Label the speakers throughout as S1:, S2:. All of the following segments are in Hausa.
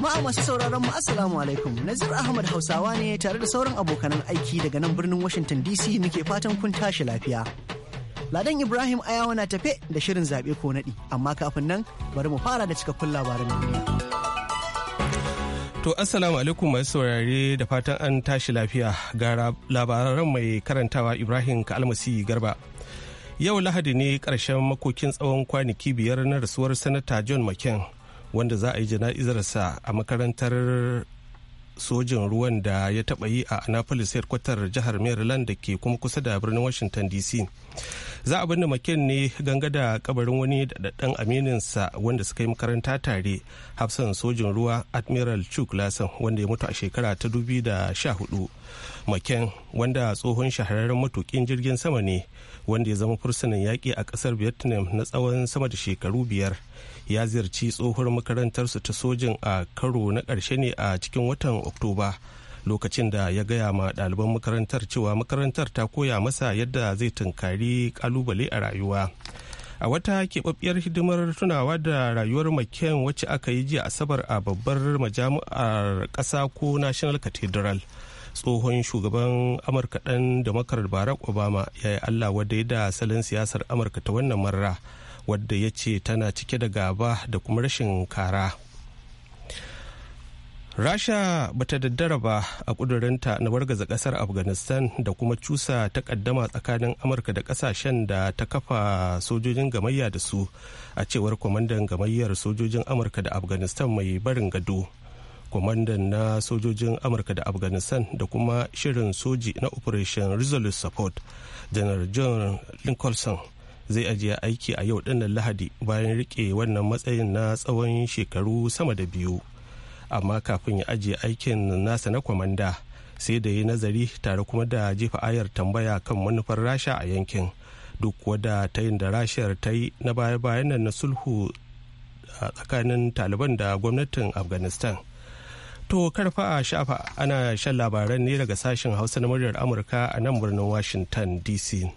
S1: Jama'a masu sauraron mu Assalamu alaikum. Nazir Ahmad Hausawa ne tare da sauran abokan aiki daga nan birnin Washington DC muke fatan kun tashi lafiya. Ladan Ibrahim Ayawa na tafe da shirin zaɓe ko naɗi, amma kafin nan bari mu fara da cikakkun labaran duniya.
S2: To Assalamu alaikum masu saurare da fatan an tashi lafiya ga labaran mai karantawa Ibrahim Kalmasi Garba. Yau Lahadi ne ƙarshen makokin tsawon kwanaki biyar na rasuwar Sanata John McCain. wanda za a yi jana'izarsa a makarantar sojin ruwan da ya taɓa yi a annapolis headquarter jihar maryland da ke kuma kusa da birnin washington dc za a binne maken ne ganga da kabarin wani daɗaɗɗen amininsa wanda suka yi makaranta tare hafsan sojin ruwa admiral chuck lassen wanda ya mutu a shekara ta dubi da sha hudu maken wanda tsohon shahararren matukin jirgin sama ne wanda ya zama fursunan yaƙi a ƙasar vietnam na tsawon sama da shekaru biyar ya ziyarci tsohuwar makarantarsu ta sojin a karo na ƙarshe ne a cikin watan oktoba lokacin da ya gaya ma ɗaliban makarantar cewa makarantar ta koya masa yadda zai tunkari ƙalubale a rayuwa a wata keɓaɓɓiyar hidimar tunawa da rayuwar maken wacce aka yi jiya asabar a babbar majami'ar ƙasa ko national cathedral tsohon shugaban amurka ɗan da makar barack obama ya yi allah wadai da salon siyasar amurka ta wannan marra wadda ya ce tana cike da gaba da kuma rashin kara rasha bata daddara ba a kudurinta na wargaza kasar afghanistan da kuma cusa ta ƙaddama tsakanin amurka da kasashen da ta kafa sojojin gamayya da su a cewar kwamandan gamayyar sojojin amurka da afghanistan mai barin gado kwamandan na sojojin amurka da afghanistan da kuma shirin soji na operation resolute support janar john lincoln zai ajiye aiki a yau dinnan lahadi bayan rike wannan matsayin na tsawon shekaru sama da biyu amma kafin ya ajiye aikin nasa na kwamanda sai da ya nazari tare kuma da jefa ayar tambaya kan manufar rasha a yankin duk wadda ta yin da rashiyar ta yi na baya-bayan na sulhu a tsakanin taliban da gwamnatin afghanistan to karfa a shafa ana shan labaran ne daga sashen hausa na muryar amurka a nan birnin washington dc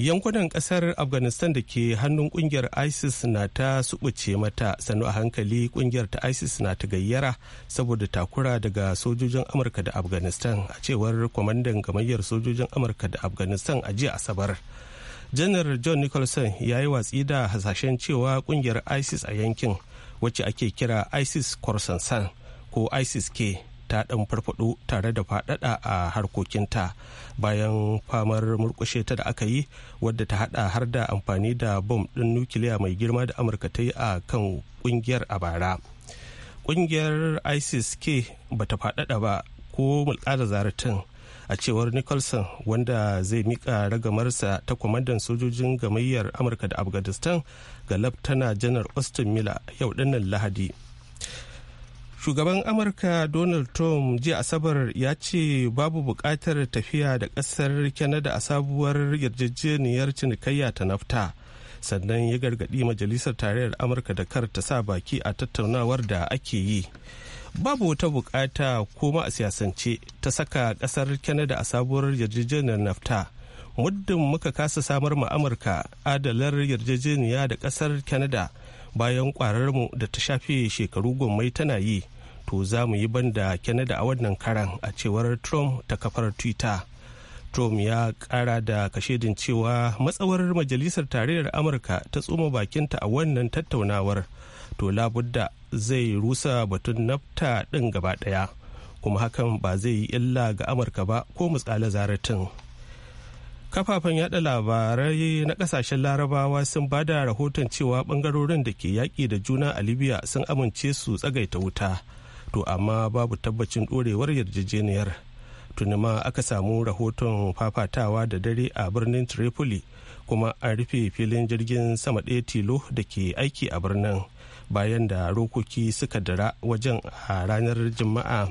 S2: yankunan kasar afghanistan da ke hannun kungiyar isis na ta subuce mata sannu a hankali kungiyar ta isis na ta gayyara saboda takura daga sojojin amurka da afghanistan a cewar kwamandan gamayyar sojojin amurka da afghanistan a jiya asabar janar john nicholson ya yi watsi da hasashen cewa kungiyar isis a yankin wacce ake kira isis korsansan ko isis k ta ɗan farfaɗo tare da faɗaɗa a harkokinta bayan famar murƙushe ta da aka yi wadda ta haɗa har da amfani da bom ɗin nukiliya mai girma da amurka ta yi a kan ƙungiyar a bara ƙungiyar isis ke bata faɗaɗa ba ko mulkada zaratin a cewar nicholson wanda zai mika ragamarsa ta kwamandan sojojin gamayyar amurka da afghanistan ga laftana janar austin miller yau dinnan lahadi shugaban amurka donald trump jiya asabar ya ce babu buƙatar tafiya da ƙasar canada a sabuwar yarjejeniyar cinikayya ta nafta sannan ya gargaɗi majalisar tarayyar amurka da kar ta sa baki a tattaunawar da ake yi babu wata buƙata koma a siyasance ta saka ƙasar canada a sabuwar yarjejeniyar nafta muddin muka kasa samar ma amurka adalar yarjejeniya da ƙasar canada bayan mu da ta shafe shekaru gwammai tana yi to za mu yi banda kyanada a wannan karan a cewar trump ta kafar twitter trump ya kara da kashedin cewa matsawar majalisar tarayyar amurka ta tsoma bakinta a wannan tattaunawar to labudda zai rusa batun nafta din gaba ɗaya kuma hakan ba zai yi illa ga amurka ba ko misali zaratin. kafafen yaɗa labarai na ƙasashen larabawa sun ba da rahoton cewa ɓangarorin da ke yaƙi da juna a libya sun amince su tsagaita wuta to amma babu tabbacin ɗorewar yarjejeniyar tuni aka samu rahoton fafatawa da dare a birnin tripoli kuma an rufe filin jirgin sama ɗaya tilo da ke aiki a birnin bayan da rokoki suka dara wajen a ranar juma'a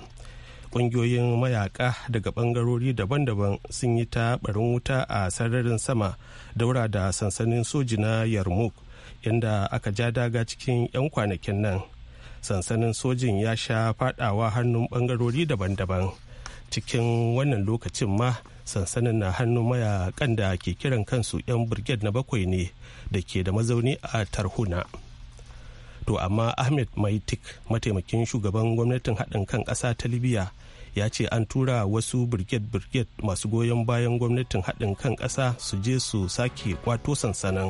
S2: ƙungiyoyin mayaka daga ɓangarori daban-daban sun yi ta barin wuta a sararin sama daura da sansanin soji na yarmouk inda aka ja daga cikin 'yan kwanakin nan sansanin sojin ya sha fadawa hannun bangarori daban-daban cikin wannan lokacin ma sansanin na hannun mayakan da ke kiran kansu 'yan birged na bakwai ne da ke da mazauni a tarhuna. to amma ahmed maitik mataimakin shugaban gwamnatin haɗin kan ƙasa ta libya ya ce an tura wasu birget-birget masu goyon bayan gwamnatin haɗin kan ƙasa su je su sake kwato sansanin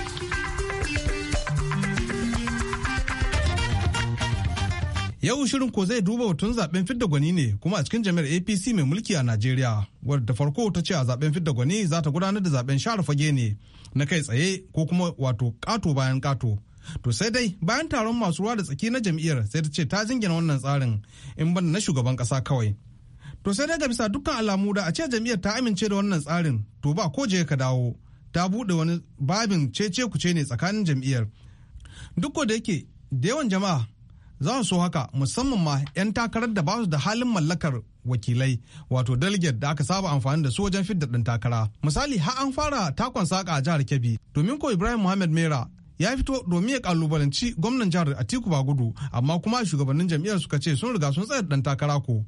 S3: Yau shirin ko zai duba batun zaben fidda gwani ne kuma a cikin jami'ar APC mai mulki a Najeriya wadda farko ta ce a zaben fidda gwani za ta gudanar da zaben share fage ne na kai tsaye ko kuma wato kato bayan kato. To sai dai bayan taron masu ruwa da tsaki na jam'iyyar sai ta ce ta jingina wannan tsarin in ban na shugaban kasa kawai. To sai dai ga bisa dukkan alamu da a ce jam'iyyar ta amince da wannan tsarin to ba ko je ka dawo ta buɗe wani babin cece kuce ne tsakanin jam'iyyar. Duk da yake da yawan jama'a za su haka musamman ma 'yan takarar da ba su da halin mallakar wakilai wato delegate da aka saba amfani da su wajen fidda ɗin takara misali har an fara takon saka a jihar kebbi domin ko ibrahim muhammad mera ya fito domin ya kalubalanci gwamnan jihar atiku gudu amma kuma shugabannin jam'iyyar suka ce sun riga sun tsaya ɗan takara ko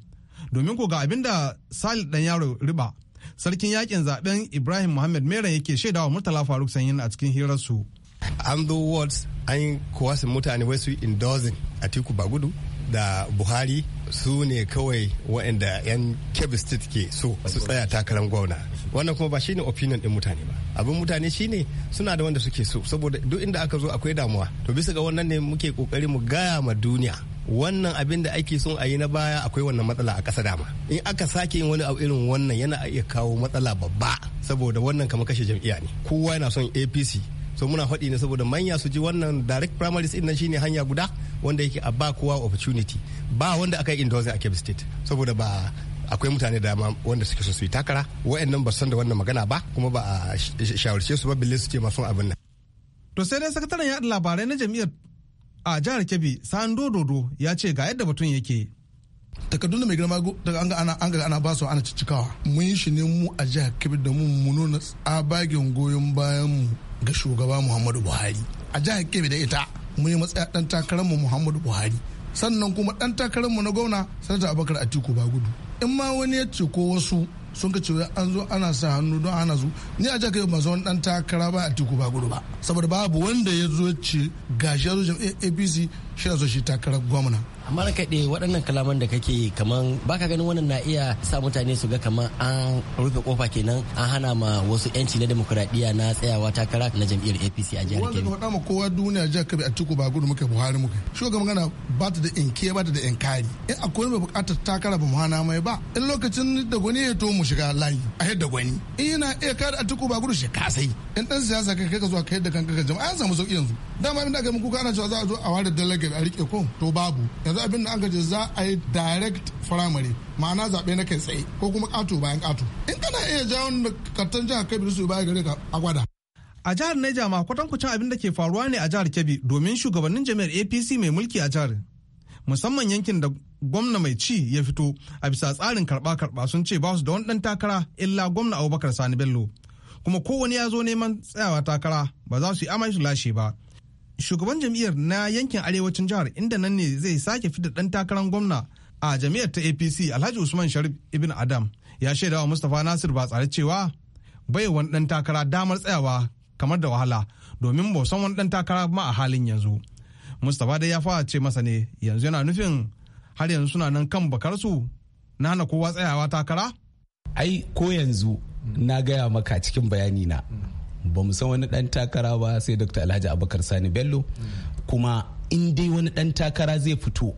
S3: domin ko ga abin da salih ɗan yaro riba sarkin yakin zaben ibrahim muhammad mera yake shaidawa murtala faruk sanyin a cikin hirarsu su the words an yi kowasin mutane wai su
S4: tiku ba gudu da buhari su ne kawai waɗanda 'yan kebbi state ke so su tsaya takarar gwamna wannan kuma ba shine opinion din mutane ba abin mutane shine suna da wanda suke so saboda duk inda aka zo akwai damuwa to bisa ga wannan ne muke kokari mu gaya ma duniya wannan abin da ake son a yi na baya akwai wannan matsala a ƙasa dama in aka sake yin wani abu irin wannan yana iya kawo matsala babba saboda wannan kamar kashe jam'iyya ne kowa yana son apc to muna faɗi ne saboda manya su ji wannan direct primary din nan shine hanya guda wanda yake a ba kowa opportunity ba wanda aka yi endorsing a Cape State saboda ba akwai mutane
S3: da dama wanda suke so su yi takara wa'annan ba san da wannan magana ba kuma ba a shawarce su ba bille su ce masu abin nan. To sai dai sakataren yaɗa labarai na jam'iyyar a jihar Kebbi
S5: Sando Dodo ya ce ga yadda batun yake. takardun da mai girma daga an ga ana an ga ana basu ana ciccikawa mun yi shi ne mu a jihar Kebbi da mu mu nuna tsabagen goyon bayan mu ga shugaba muhammadu buhari a jihar kebe da ita mun yi matsaya dan takararmu muhammadu buhari sannan kuma dan takararmu na gwamna sanata abubakar atiku ba gudu in ma wani ya ce ko wasu sun ka cewa an zo ana sa hannu don ana su ni a jaka ba wani dan takara ba atiku ba gudu ba saboda babu wanda ya zo ce gashi ya zo jam'iyyar apc shi na zo shi takarar gwamna
S6: amma kaɗe waɗannan kalaman da kake kaman baka ganin wannan na iya sa mutane su ga kaman an rufe kofa kenan an hana ma wasu yanci na demokuraɗiyya na tsayawa takara na jam'iyyar apc a jihar kebbi
S5: wanda ma kowa duniya jihar kebbi a tuku ba gudu muka buhari muka shugaban magana ba ta da ke ba ta da kari in akwai mai buƙatar takara ba mu hana mai ba in lokacin da gwani ya to mu shiga layi a yadda gwani in yana iya kare a tuku ba gudu shi sai in dan siyasa kai ka zuwa kai da kanka jama'a an samu sauki yanzu dama inda aka muku ana cewa za a zo a ware delegate a rike ko to babu yanzu abin da an gaji za a yi direct firamare ma'ana zaɓe na kai tsaye ko kuma ƙato bayan ƙato in kana iya jawo kartan jihar kebbi su baya gare ka a gwada
S3: a jihar Neja ma kwatankwacin abin da ke faruwa ne a jihar Kebbi domin shugabannin jami'ar APC mai mulki a jihar. Musamman yankin da gwamna mai ci ya fito a bisa tsarin karba-karba sun ce ba su da wani ɗan takara illa gwamna Abubakar Sani Bello. Kuma kowane ya zo neman tsayawa takara ba za su yi amai su lashe ba. shugaban jam'iyyar na yankin arewacin jihar inda nan ne zai sake fita dan takarar gwamna a jam'iyyar ta apc alhaji usman sharif ibn adam ya shaida wa mustapha nasir ba tsare cewa bai wani dan takara damar tsayawa kamar da wahala domin ba san wani dan takara ma a halin yanzu mustapha dai ya fara ce masa ne yanzu yana nufin har yanzu suna nan kan bakarsu na hana kowa tsayawa takara ai ko yanzu na gaya maka cikin bayani na ba mu san
S6: wani dan takara ba sai dr alhaji abubakar sani bello kuma in dai wani dan takara zai fito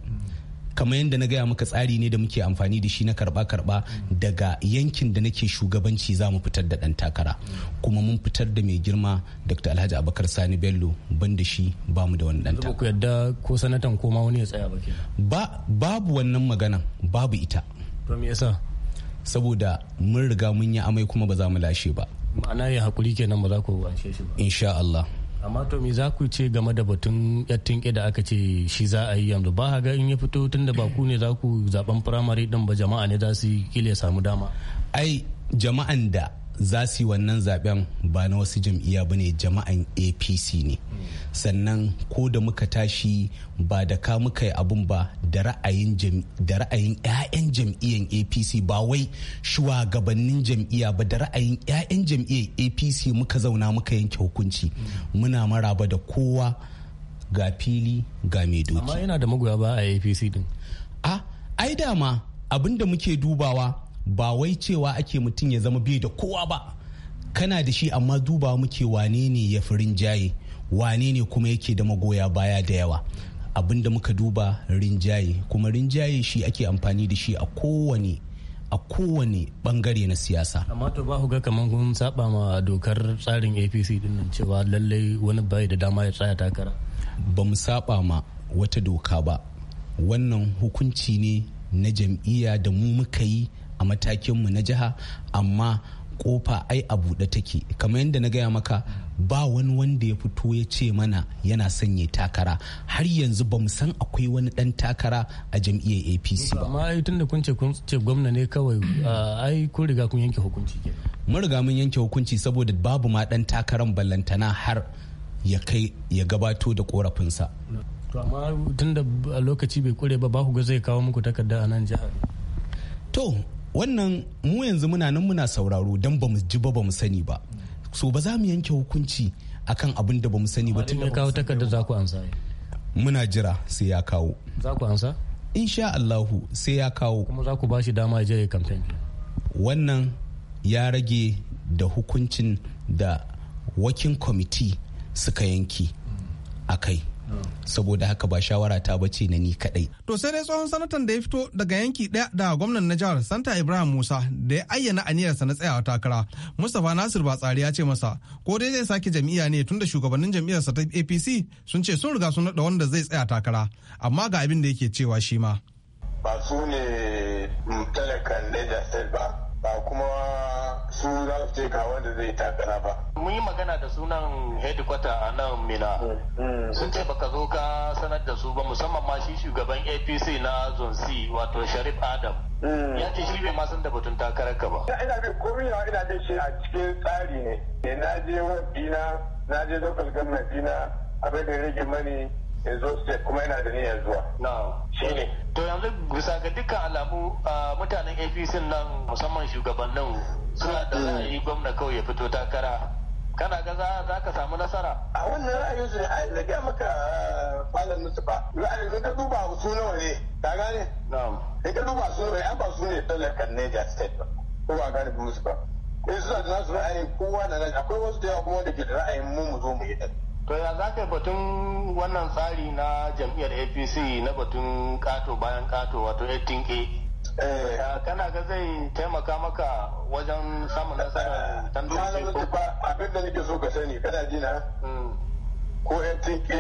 S6: kamar yadda na gaya maka tsari ne da muke amfani da shi na karba-karba daga yankin da nake shugabanci za mu fitar da dan takara kuma mun fitar da mai girma dr alhaji abakar sani bello ban da shi ba mu da wani dan
S7: takara. yadda ko sanatan ko
S6: ma wani ya tsaya ba babu wannan maganan babu ita. to me yasa. saboda mun riga mun yi amai kuma ba za mu lashe ba ma'ana ya hakuri kenan ba za ku anshe shi
S7: ba insha Allah amma to me za ku ce game da batun yattin da aka ce shi za a yi yanzu ba ga in ya fito tun da ba ku ne za ku zaben firamare din ba jama'a ne za su yi kila ya samu
S6: dama ai jama'an da za su yi wannan zaben ba na wasu jam'iyya ba ne jama'an apc ne sannan ko da muka tashi ba da ka muka yi abun ba da ra'ayin 'ya'yan jam'iyyan apc ba wai shugabannin jam'iyya ba da ra'ayin 'ya'yan jam'iyyar apc muka zauna muka yanke hukunci muna maraba da kowa ga fili ga mai doki amma yana da magoya ba a apc din a ai dama abin da muke dubawa ba wai cewa ake mutum ya zama bai da kowa ba kana da shi amma duba muke wane ne ya fi rinjaye wane ne kuma yake da magoya baya da yawa abinda muka duba rinjaye kuma rinjaye shi ake amfani da shi a kowane a kowane bangare na siyasa
S7: amma to ba ku ga kamar kun saba ma dokar tsarin apc
S6: dinnan cewa lallai wani bai da dama ya tsaya takara ba mu saba ma wata doka ba wannan hukunci ne na jam'iyya da mu muka yi a matakinmu na jiha amma kofa ai a buɗe take kamar yadda na gaya maka ba wani wanda ya fito ya ce mana yana sanya takara har yanzu ba mu san akwai wani dan takara a jam'iyyar apc ba amma ai tunda kun ce kun ce gwamna ne kawai ai kun riga kun yanke hukunci mun riga mun yanke hukunci saboda babu ma dan takaran ballantana har ya kai ya gabato da korafinsa
S7: to amma tunda lokaci bai kure ba ba ku ga zai kawo muku takarda a nan jihar to wannan
S6: mu yanzu muna nan muna sauraro don ba mu ji ba ba mu sani ba so ba za mu yanke hukunci akan abin da ba mu sani ba tun da kawo
S7: takardar za ku ansa
S6: muna jira sai ya kawo za ku ansa insha Allahu sai ya kawo kuma za ku ba shi dama je campaign wannan ya rage da hukuncin da wakin kwamiti suka yanki a kai saboda haka ba shawara ta bace
S3: na ni kadai. To sai dai tsohon sanatan da ya fito daga yanki ɗaya da gwamnan na jihar Santa Ibrahim Musa da ya ayyana aniyarsa na tsayawa takara. Mustapha Nasir Batsari ya ce masa ko dai zai sake jam'iyya ne tun da shugabannin jam'iyyarsa ta APC sun ce sun riga sun naɗa wanda zai tsaya takara amma ga abin da yake cewa shi ma.
S7: Ba su ne mm, talakan da ba ba kuma su za su ce ga wanda zai takara ba. Mun yi magana da sunan hedikwata a nan Mina. Mm, mm. Sun ce baka zo ka sanar da su ba musamman ma shi shugaban APC na Zone C wato Sharif Adam. Mm. Ya ce shi bai ma san da batun takarar ka ba.
S8: Ina bin komai ina da shi a cikin tsari ne. Eh, na je wa
S9: na je local government dina abin da rage mani ya kuma yana da niyyar
S7: zuwa shi ne to yanzu bisa ga dukkan alamu mutanen apc nan musamman shugabannin suna da mm. ra'ayi gwamna kawai ya fito takara kana ga za ka samu nasara
S8: a wannan ra'ayin su ne a maka malam Mustapha ra'ayin ka duba su nawa ne ka gane na'am sai ka duba su nawa ba su
S7: ne kan Niger state ba ko ba gane Mustapha in eh, suna da nasu ra'ayin kowa da nan akwai wasu da yawa kuma da ke da ra'ayin mu mu zo mu yi dan to ya za ka batun wannan tsari na jam'iyyar apc na batun kato bayan kato wato 18a eh. kana ga zai taimaka maka wajen samun nasarar tantance ko ba abin da nake so ka sani kana ji na hmm. ko 18a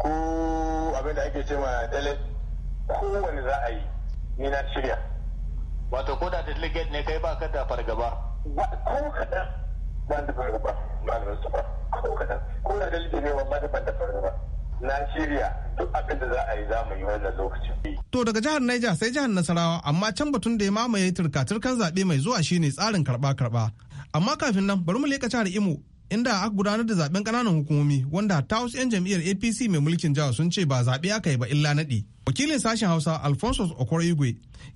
S7: ko abin da ake cewa dele wani za a yi ni na shirya wato ko da delegate ne kai ba ka da fargaba ko kaɗan ba da fargaba
S3: yi To daga jihar Niger sai jihar Nasarawa amma can batun da ya mamaye turka-turkan zaɓe mai zuwa shine tsarin karɓa-karɓa. Amma kafin nan bari mu leƙa jihar Imo inda aka gudanar da zaben kananan hukumomi wanda ta wasu 'yan jam'iyyar APC mai mulkin jihar sun ce ba zaɓe aka yi ba illa naɗi. Wakilin sashen Hausa Alfonso Okoro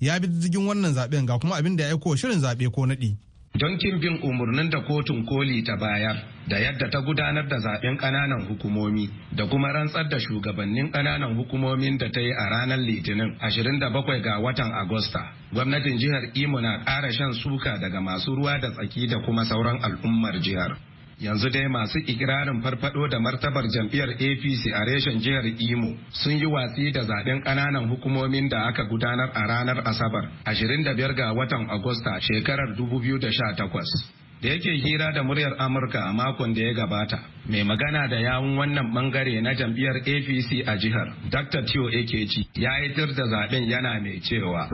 S3: ya bi diddigin wannan zaben ga kuma abin da ya aiko shirin zaɓe ko naɗi.
S4: don kin bin umarnin da kotun koli ta bayar da yadda ta gudanar da zaben kananan hukumomi da kuma rantsar da shugabannin kananan hukumomin da ta yi a ranar litinin 27 ga watan agusta gwamnatin jihar imo na ƙara shan suka daga masu ruwa da tsaki da kuma sauran al'ummar jihar yanzu dai masu ikirarin farfado da martabar jam'iyyar apc a reshen jihar imo sun yi watsi da zaben ƙananan hukumomin da aka gudanar a ranar asabar 25 ga watan agusta shekarar 2018 da yake hira da muryar amurka a makon da ya gabata mai magana da yawun wannan bangare na jam'iyyar apc a jihar dr tio ekeji ya yi da zaben yana mai
S9: cewa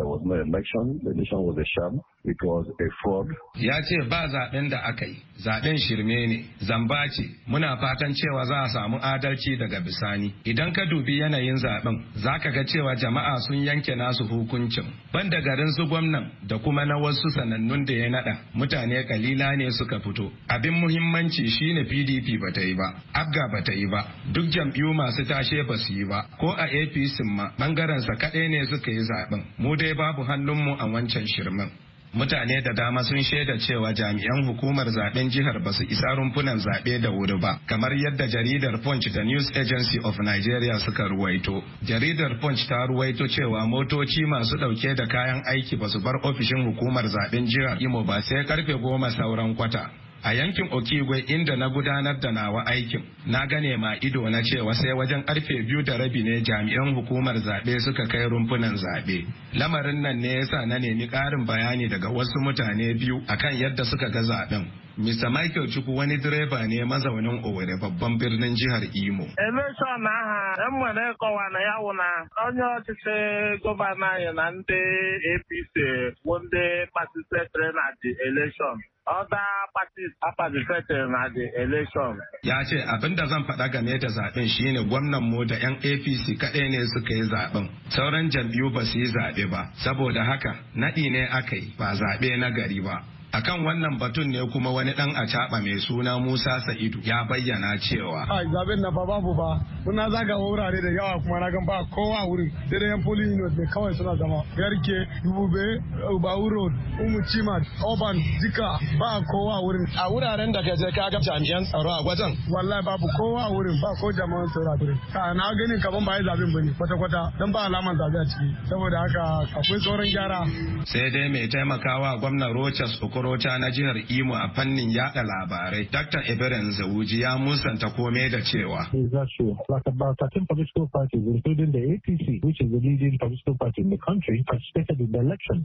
S9: It was a fraud.
S4: Ya ce ba zaben da aka yi, zaben shirme ne, zamba ce, muna fatan cewa za a samu adalci daga bisani. Idan ka dubi yanayin zaben, zaka ga cewa jama'a sun yanke nasu hukuncin. Ban da garin su gwamnan da kuma na wasu sanannun da ya nada, mutane kalila ne suka fito. Abin muhimmanci shine PDP ba ta yi ba, Abga ba ta yi ba, duk jam'iyyu masu tashe ba su yi ba, ko a APC ma bangaren sa kaɗai ne suka yi zaben. Mu dai babu hannun mu a wancan shirmen. mutane da dama sun shaida cewa jami'an hukumar zaben jihar ba su isa rumfunan zaɓe da wuri ba kamar yadda jaridar punch da news agency of nigeria suka ruwaito jaridar punch ta ruwaito cewa motoci masu ɗauke da kayan aiki ba su bar ofishin hukumar zaben jihar imo ba sai karfe goma sauran kwata a yankin okigwe inda na gudanar da nawa aikin na gane ma ido na cewa sai wajen karfe biyu da rabi ne jami'an hukumar zaɓe suka kai rumfunan zaɓe lamarin nan ne yasa na nemi ƙarin bayani daga wasu mutane biyu akan yadda suka ga zaɓen Mr. Michael Chukwu wani direba ne mazaunin Owere babban birnin jihar Imo.
S8: Elekshọn aha enwere kọwa na ya wụ na onye ọchịchị gọvanọ anyị na ndị APC bụ ndị pati sekere na the ọda Oda parties participated na the election.
S4: Ya ce abin da zan faɗa game da zaɓen ne gwamnan mu da 'yan APC kaɗai ne suka yi zaɓen. Sauran jam'iyyu ba su yi zaɓe ba, saboda haka naɗi ne aka yi ba zaɓe na gari ba. akan wannan batun ne kuma wani dan acaba mai suna Musa Sa'idu ya bayyana cewa
S5: ai zaben na fa babu ba muna zaga wurare da yawa kuma na gan ba kowa wurin sai da yan polin unit ne kawai suna zama garke dubube bawu road
S4: umu oban jika ba kowa wurin a wuraren da ka je ka ga jami'an tsaro a gwajan. wallahi babu kowa wurin ba ko jama'an tsaro a wurin ka na ganin ban ba zaben bane kwata
S5: kwata dan ba alaman zabe a ciki saboda haka akwai tsoron gyara
S4: sai dai mai taimakawa gwamnan Rochas Oko takwarota na jihar Imo a fannin yada labarai Dr. Eberen Zawuji ya musanta komai da cewa.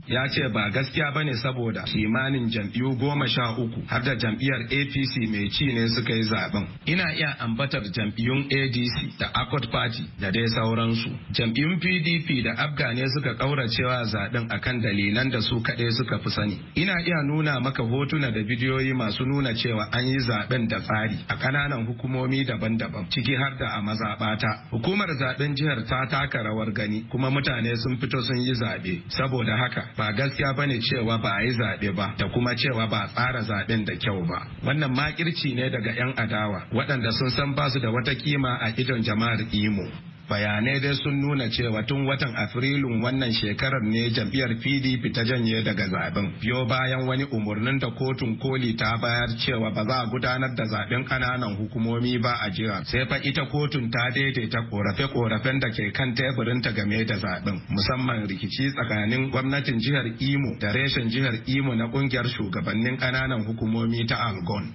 S4: Ya ce ba gaskiya bane saboda kimanin jam'iyyu goma sha uku har da jam'iyyar APC mai ci ne suka yi zaben. Ina iya ambatar jam'iyyun ADC da Accord Party da dai sauransu. Jam'iyyun PDP da Abga ne suka kauracewa zaben akan dalilan da su kaɗai suka fi sani. Ina iya nuna nuna maka hotuna da bidiyoyi masu nuna cewa an yi zaben da tsari a kananan hukumomi daban-daban ciki har da a mazaɓata. Hukumar zaben jihar ta taka rawar gani kuma mutane sun fito sun yi zaɓe. Saboda haka ba gaskiya bane cewa ba a yi zaɓe ba da kuma cewa ba a tsara zaɓen da kyau ba. Wannan makirci ne daga 'yan adawa waɗanda sun san basu da wata kima a idon jama'ar Imo. bayanai dai sun nuna cewa tun watan afrilun wannan shekarar ne jam'iyyar pdp ta janye daga zaben biyo bayan wani umarnin da kotun koli ta bayar cewa ba za a gudanar da zaben kananan hukumomi ba a jira sai fa ita kotun ta daidaita korafe-korafen da ke kan teburin ta game da zaben musamman rikici tsakanin gwamnatin jihar imo da reshen jihar imo na kungiyar shugabannin kananan hukumomi ta algon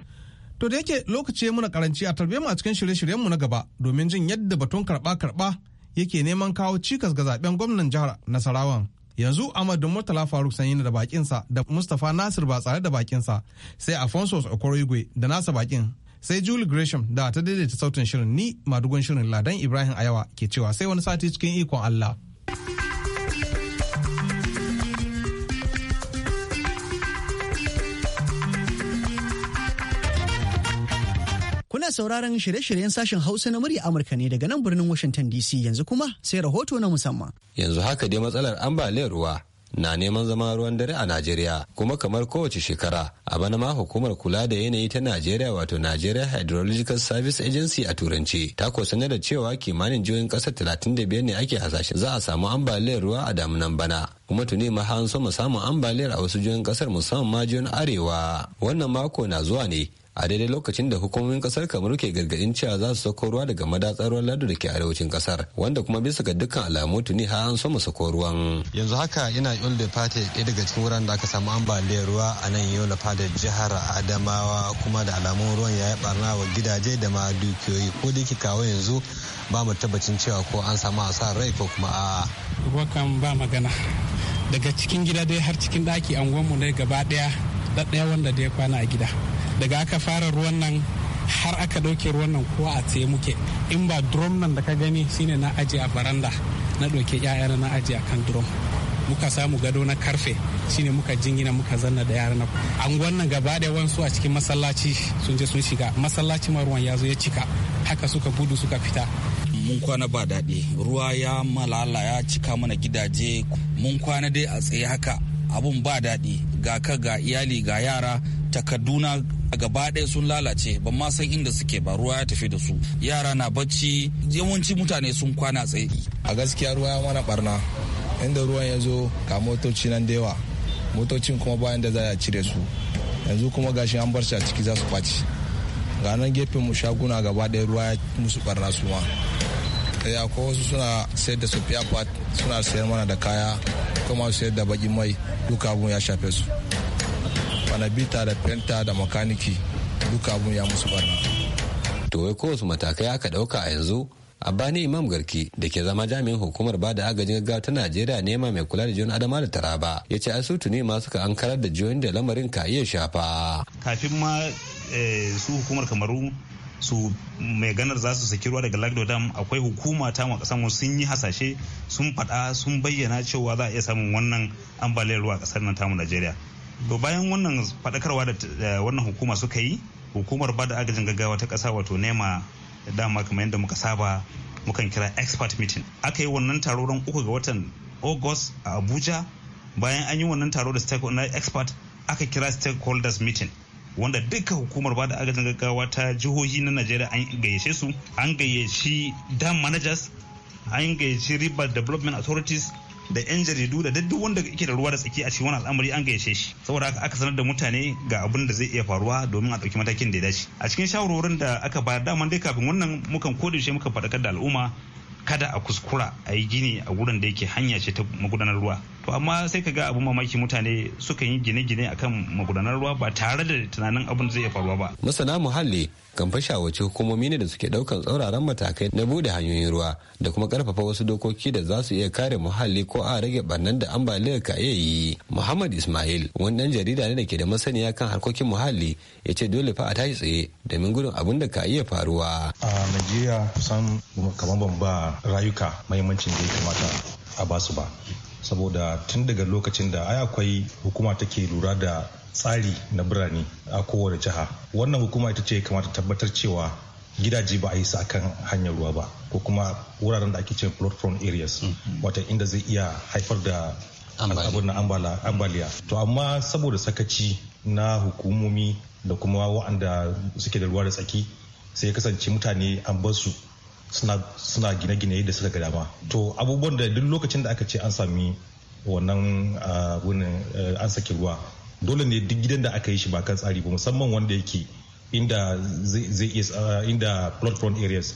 S3: To da yake lokaci ya muna karanci a tarbe mu a cikin shirye-shiryenmu na gaba domin jin yadda batun karɓa-karɓa yake neman kawo cikas ga zaben gwamnan jihar Nasarawan. Yanzu Amadu, Murtala Faruk Sanyi da bakinsa da Mustapha Nasir ba tsare da bakinsa sai Afonso Okoroigwe da nasa bakin sai Julie Gresham da ta daidaita sautin shirin ni madugun shirin Ladan Ibrahim Ayawa ke cewa sai wani sati cikin ikon Allah.
S1: sauraron shirye-shiryen sashen Hausa na murya Amurka ne daga nan birnin Washington DC yanzu kuma sai rahoto na musamman.
S9: Yanzu haka dai matsalar ambaliyar ruwa na neman zama ruwan dare a Najeriya kuma kamar kowace shekara a bana ma hukumar kula da yanayi ta Najeriya wato Nigeria Hydrological Service Agency a turanci ta ko sanar da cewa kimanin jiyoyin kasar 35 ne ake hasashen za a samu ambaliyar ruwa a damunan bana kuma tuni ma hanso mu samun ambaliyar a wasu jiyoyin kasar musamman ma jiyoyin arewa wannan mako na zuwa ne a daidai lokacin da hukumomin kasar kamar ke gargadin cewa za su sako ruwa daga madatsar ruwan lado da ke arewacin kasar wanda kuma bisa ga dukkan alamu tuni har an soma sako ruwan yanzu haka ina da fata ɗaya daga cikin wuraren da aka samu ambaliyar ruwa a nan yolda fata jihar adamawa kuma da alamun ruwan ya yi barna wa gidaje da ma dukiyoyi ko da yake kawo yanzu ba mu tabbacin cewa ko an samu asarar rai ko kuma a
S6: ruwa kan ba magana daga cikin gida dai har cikin ɗaki anguwanmu ne gaba ɗaya ɗaya wanda da ya kwana a gida daga aka fara ruwan nan har aka ɗauke ruwan nan kuwa a tsaye muke in ba drum nan da ka gani shine na aji a baranda na ɗauke yayana na aji a kan drum muka samu gado na karfe shine muka jingina muka zanna da yaran an nan gaba da wansu a cikin masallaci sun je sun shiga masallaci ma
S10: ruwan ya zo ya cika haka suka gudu suka fita mun kwana ba daɗi ruwa ya malala ya cika mana gidaje mun kwana dai a tsaye haka abun ba daɗi ga ka ga iyali ga yara takarduna gaba ɗaya sun lalace ban ma san inda suke ba ruwa ya tafi da su yara na bacci yawanci mutane sun kwana tsaye a gaskiya ruwa ya mana barna
S3: inda ruwan ya zo ga motoci nan da yawa motocin kuma bayan da za a cire su yanzu kuma gashi an bar a ciki za su ɓaci ga nan gefen mu shaguna gaba ɗaya ruwa ya musu barna su ma ya eh, ko wasu suna sayar da su fiyafat suna sayar mana da kaya kuma sayar da bakin mai duka abun ya shafe su bita da fenta da makaniki duka abun ya musu barna
S9: to wai ko wasu matakai aka dauka a yanzu Abani Imam Garki da ke zama jami'in hukumar ba da agajin gaggawa ta Najeriya nema mai kula da jiyon Adama da Taraba ya ce asutu ne ma suka an karar da jiyon da lamarin ka iya shafa.
S10: Kafin ma eh, su hukumar Kamaru su mai ganar za su saki ruwa daga lagdo dam akwai hukuma ta mu kasan sun yi hasashe sun faɗa sun bayyana cewa za a iya samun wannan ambaliyar ruwa kasar nan tamu najeriya to bayan wannan faɗakarwa da wannan hukuma suka yi hukumar bada agajin gaggawa ta kasa wato nema dama kamar yadda muka saba mukan kira expert meeting aka yi wannan taro ran uku ga watan august a abuja bayan an yi wannan taro da stakeholder expert aka kira stakeholders meeting wanda duka hukumar ba da agajin gaggawa ta jihohi na najeriya an gayyace su an gayyaci dam managers an gayyaci river development authorities da yan jaridu da duk wanda yake da ruwa da tsaki a cikin wani al'amari an gayyace shi saboda haka aka sanar da mutane ga abin da zai iya faruwa domin a ɗauki matakin da ya dace a cikin shawarorin da aka bayar daman dai kafin wannan mukan shi muka faɗakar da al'umma kada a kuskura a yi gini a gurin da yake hanya ce ta magudanar ruwa to amma sai ka ga abun mamaki mutane sukan yi gine-gine akan magudanar ruwa ba tare da tunanin abin zai faruwa ba
S9: masana muhalli kan fasha wace hukumomi ne da suke daukan tsauraran matakai na bude hanyoyin ruwa da kuma karfafa wasu dokoki da za su iya kare muhalli ko a rage barnan da ambaliyar ka iya yi muhammad ismail wani dan jarida ne da ke da masaniya kan harkokin muhalli ya ce dole fa a tashi tsaye domin gudun abun da ka iya faruwa
S11: a najeriya kusan kamar ban ba rayuka mahimmancin da ya kamata a basu ba saboda tun daga lokacin da ai akwai hukuma take lura da tsari na birane a kowane jiha wannan hukuma ita ce kamata tabbatar cewa gidaje ba a yi su akan hanyar ruwa ba ko kuma wuraren da ake ce flood prone areas mm-hmm. wata inda zai iya haifar da abin na ambaliya to amma saboda sakaci na hukumomi da kuma wa'anda suke da ruwa da tsaki sai ya kasance mutane an bar su suna gine-gine da suka ga dama to abubuwan da duk lokacin da aka ce an sami wannan ah, wurin eh, an saki ruwa dole ne duk gidan da aka yi shi ba kan tsari ba musamman wanda yake inda zai ah, inda flood prone areas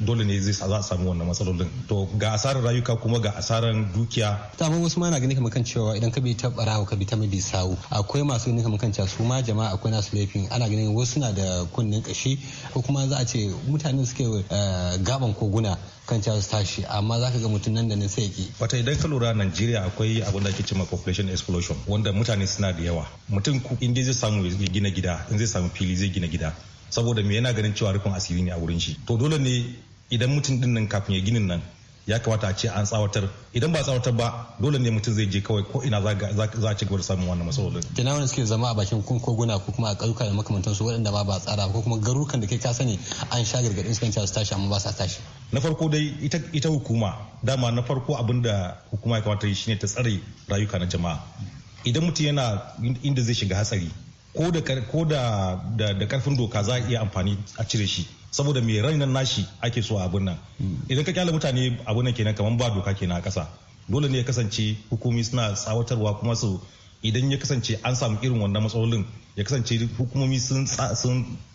S11: dole ne zai za a samu wannan matsalolin to ga asarar rayuka
S9: kuma ga asarar dukiya ta wasu mana na gani kamar kan cewa idan ka bi ta barawo ka bi ta mabi sawu akwai masu ne kamar kan su ma jama'a akwai nasu laifin ana ganin wasu na da kunnen kashi ko kuma za a ce mutane suke eh, gaban koguna kan cewa su tashi amma za ka ga mutum nan da nan sai ki.
S11: Wata idan ka lura Najeriya akwai abin da ake cewa population explosion wanda mutane suna da yawa. Mutum in dai zai samu gina gida in zai samu fili zai gina gida saboda me yana ganin cewa rufin asiri ne a wurin shi to dole ne idan mutum din nan kafin ya ginin nan ya kamata a ce an tsawatar idan ba tsawatar ba dole ne mutum zai je kawai ko ina za a ci gaba da samun wannan matsalolin
S9: kina wani suke zama a bakin kun koguna ko kuma a ƙauyuka da makamantansu waɗanda ba ba tsara ko kuma garurukan da kai ka sani an sha gargaɗin su kan su tashi amma ba sa tashi na farko dai ita hukuma dama na
S11: farko abin da hukuma ya kamata yi shine ta tsare rayuka na jama'a idan mutum yana inda zai shiga hatsari ko da da da karfin doka za a iya amfani a cire shi saboda mai rai nashi ake so a abin nan idan ka kyale mutane abin nan kenan kamar ba doka kenan a kasa dole ne ya kasance hukumi suna tsawatarwa kuma su idan ya kasance an samu irin wannan matsalolin ya kasance hukumomi sun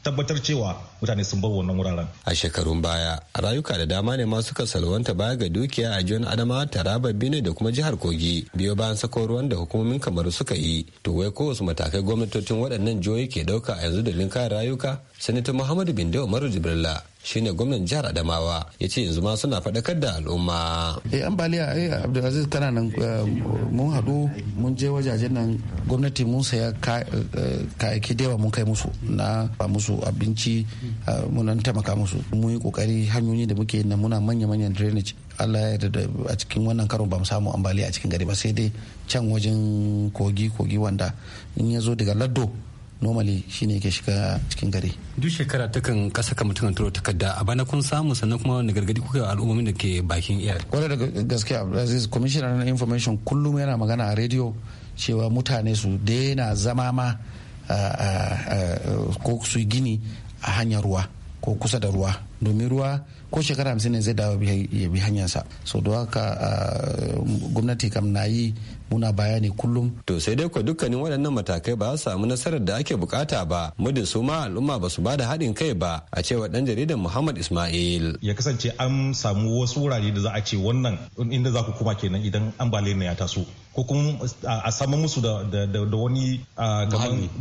S11: tabbatar cewa mutane sun
S9: bar wannan wuraren. A shekarun baya, rayuka da dama ne masu suka salwanta baya ga dukiya a John Adama Taraba Bine da kuma jihar Kogi biyo bayan sako ruwan da hukumomin kamar suka yi. To wai ko wasu matakai gwamnatocin waɗannan jihohi ke ɗauka a yanzu da linka rayuka? Sanata Muhammadu Binde Umaru Jibrilla shine gwamnan jihar adamawa ya ce yanzu ma suna faɗakar da al'umma eh
S4: ambaliya eh abdulaziz kana nan eh, mun haɗu mun je wajajen nan gwamnati mun saya eh, kayayyaki da yawa mun kai musu na ba musu abinci munan taimaka musu mun yi kokari hanyoyi da muke na muna manya-manyan drainage allah ya da a cikin wannan karo ba mu samu ambaliya a cikin gari ba sai dai can wajen kogi kogi wanda in ya zo daga laddo normally shine ke shiga cikin gari
S9: duk shekara takan kasa kamar tukan turo takarda a bana kun samu sannan kuma wani gargadi kuka al'ummomin da ke bakin iya
S4: kwarai da gaskiya aziz commissioner na information kullum yana magana a radio cewa mutane su daina zama ma ko su gini a hanyar ruwa ko kusa da ruwa domin ruwa ko shekara hamsin ne zai dawo bi hanyarsa so da haka gwamnati kam na yi muna bayani kullum.
S9: To sai dai ko dukkanin waɗannan matakai ba su samu nasarar da ake bukata ba muddin su ma al'umma ba su ba da haɗin kai ba a cewa ɗan jaridan Muhammad Ismail.
S11: Ya kasance an samu wasu wurare da za a ce wannan inda za ku kuma kenan idan ambaliyar ya taso. ko kuma a samu musu da wani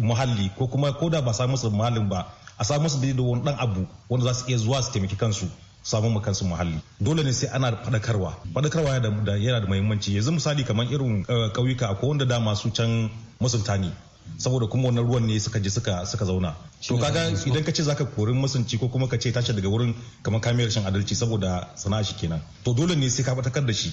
S11: muhalli ko kuma ko da ba samu musu muhallin ba a samu musu da wani dan abu wanda za su iya zuwa su taimaki kansu samu mu muhalli dole ne sai ana faɗakarwa faɗakarwa yana da muhimmanci yanzu misali kamar irin eh, ƙauyuka akwai wanda da masu can musulta ne saboda kuma wannan ruwan ne suka je suka suka zauna to kaga idan ka ce zaka kori musunci ko kuma ka ce tashi daga wurin kamar kamiyar shan adalci saboda sana'a shi kenan to dole ne sai ka fatakar da shi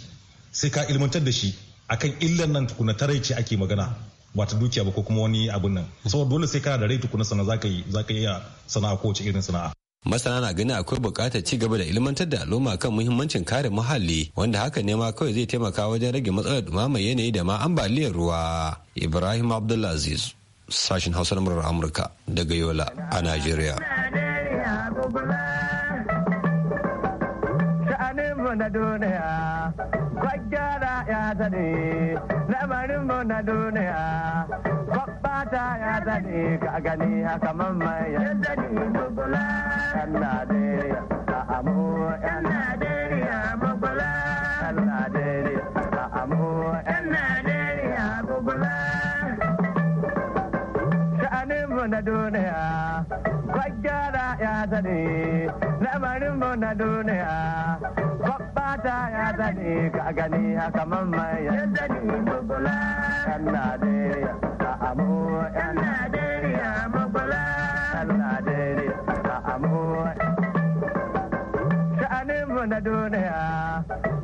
S11: sai ka ilmantar da shi akan illan nan tukuna ce ake magana ba ta dukiya ba ko kuma wani abun nan saboda dole sai kana da rai tukuna sana zaka yi zaka iya sana'a ko wace irin sana'a
S9: masana na ganin akwai bukatar ci gaba da ilmantar da al'umma kan muhimmancin kare muhalli wanda haka ne ma kawai zai taimaka wajen rage matsalar dumamar yanayi da ma ambaliyar ruwa ibrahim abdulaziz sashen hausa na murar amurka daga yola a nigeria.
S8: na duniya bata ya zane ka gani haka mamma ya zane bugula yan Najeriya a yan Najeriya yan Najeriya a yan Najeriya sha'anin mu na duniya ya zane lamarin mu na duniya bata ya zane ka gani haka mamma ya zane mugula yan Najeriya a amo yan Najeriya mugula yan Najeriya a amo sha'anin mu na duniya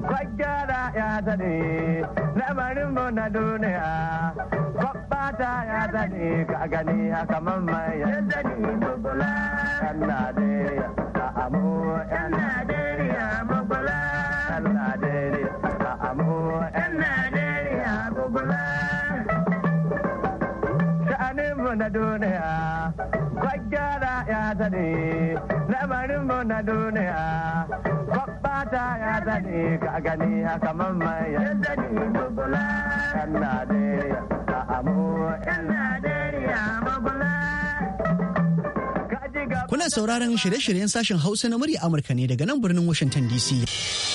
S8: kwaggara ya zane lamarin mu na duniya kwabbata ya zane ka gani haka mamma ya zane mugula yan Najeriya na duniya kwaggara ya lamarinmu na duniya kwabbata ya zane ka gani haka mamma ya zane mugula yan a amu yan najeriya mugula
S1: Kuna sauraron shirye-shiryen sashen Hausa na murya Amurka ne daga nan birnin Washington DC.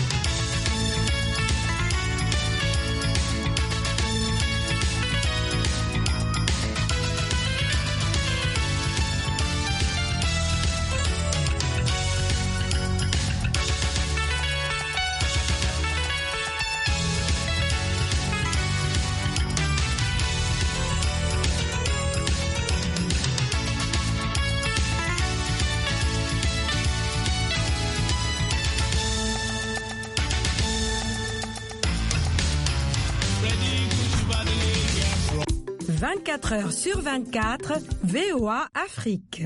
S8: 24 heures sur 24, VOA Afrique.